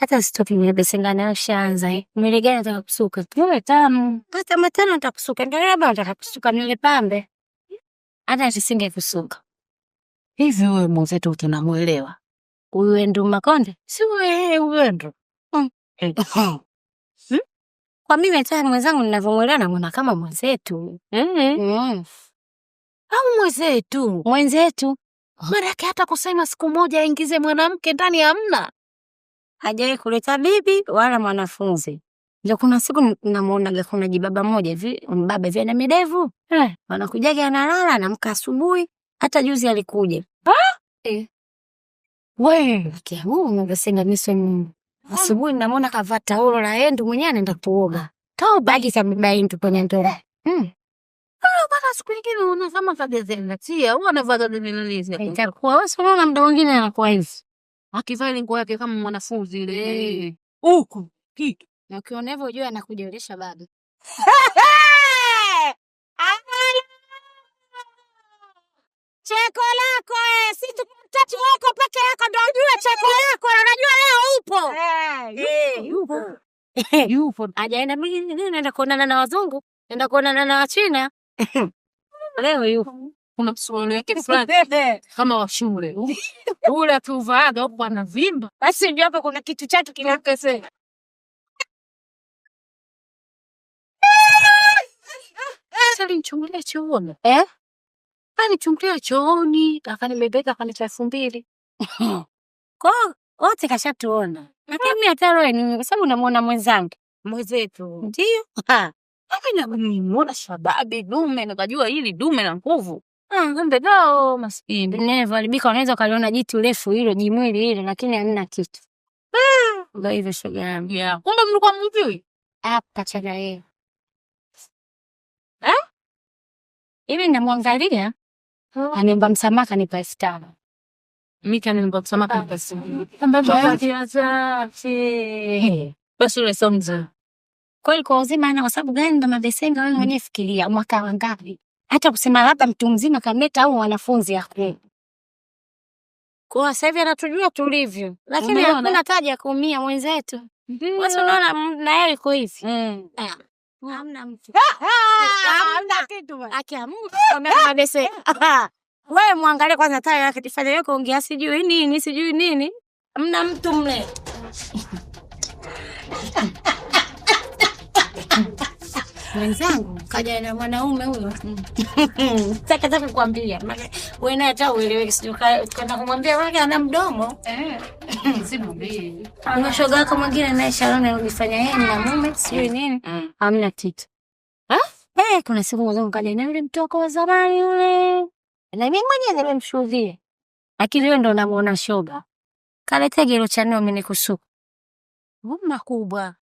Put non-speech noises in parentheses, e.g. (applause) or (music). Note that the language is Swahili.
hata usitoki mwenye besengana ashaanza. Mwele gani nataka kusuka? Nywele tamu. Hata matano nataka kusuka. Ndio labda nataka kusuka Mwele pambe. Hata nisinge kusuka. Hivi uwe mwenzetu utunamwelewa. Huyu Endu Makonde? Si wewe huyu Endu. Mm. Eh. (laughs) Kwa mimi hata mwenzangu ninavyomuelewa namuona kama mwenzetu. Eh. Mm. Au mwenzetu. Mwenzetu. Maana hata kusema siku moja aingize mwanamke ndani hamna hajawahi kuleta bibi wala mwanafunzi. Ndio kuna siku namuonaga kuna jibaba moja hivi, mbaba hivi ana midevu. Eh, anakujaga analala, anamka asubuhi, hata juzi alikuja. Eh. Asubuhi namuona kavaa taulo la endu ndo mwenyewe anaenda kuoga. Tao za mibaindu kwenye ndoa eh. Mm. Ah, siku nyingine unaona kama kagezela. Sia, huwa anavaa gauni nini? Itakuwa wewe unaona mda mwingine anakuwa hivi akivaa ile nguo yake kama mwanafunzi ile huku kitu, na ukiona hivyo ujue anakujelesha bado. (laughs) Cheko lako eh, si tukutatu wako peke yako ndio ujue cheko lako, unajua leo upo eh, yupo yupo, ajaenda mimi naenda kuonana na wazungu, naenda kuonana na Wachina (laughs) leo yupo kuna msururu wake (laughs) fulani kama wa shule (laughs) ule akiuvaaga huku anavimba, basi ndio hapa kuna kitu chatu kinakesea. Alinichungulia chooni eh? Alinichungulia chooni akanibebeka akanipa elfu mbili kwao wote kashatuona, lakini hata roho ni kwa sababu unamwona mwenzangu mwenzetu ndio. Mimi namuona shababi dume, nikajua hili dume na nguvu Ng'ombe mm, gao maskini. alibika, wanaweza wakaliona jitu urefu hilo jimwili hilo lakini hamna kitu. Mm. Ndio hivyo shoga yangu. Yeah. Kumbe mlikuwa mjui? Ah, chaga yeye. Eh? Hivi namwangalia. Hmm. Aniomba msamaka kanipa elfu tano. Mimi kaniomba msamaha ah. kanipa elfu tano. Basi ule sio mzuri. Kweli kwa uzima ana kwa sababu gani ndo mabesenga wewe mwenyewe fikiria mwaka wangapi? hata kusema labda mtu mzima kameta au wanafunzi hakuna. Mm. Kwa sasa hivi anatujua tulivyo, lakini hakuna haja ya kuumia mwenzetu. Basi unaona na yeye iko hivi. Mm. Ah. Hamna mtu. Hamna kitu. (laughs) Wewe muangalie kwanza tayari tifanye yako ongea sijui nini, sijui nini. Hamna mtu mle. (laughs) mwenzangu kaja na mwanaume huyo sakaza (laughs) kuambia wewe naye hata ueleweki, sio kwenda kumwambia wake ana mdomo eh, una shoga wako mwingine naye Sharon alijifanya yeye ni mume sio mm. nini, mm. amna kitu. Eh, kuna siku mwenzangu kaja na yule mtoko wa zamani yule, na mimi mwenyewe nimemshuhudia, lakini wewe ndo unamuona shoga kaleta gero chanio amenikusuka uma kubwa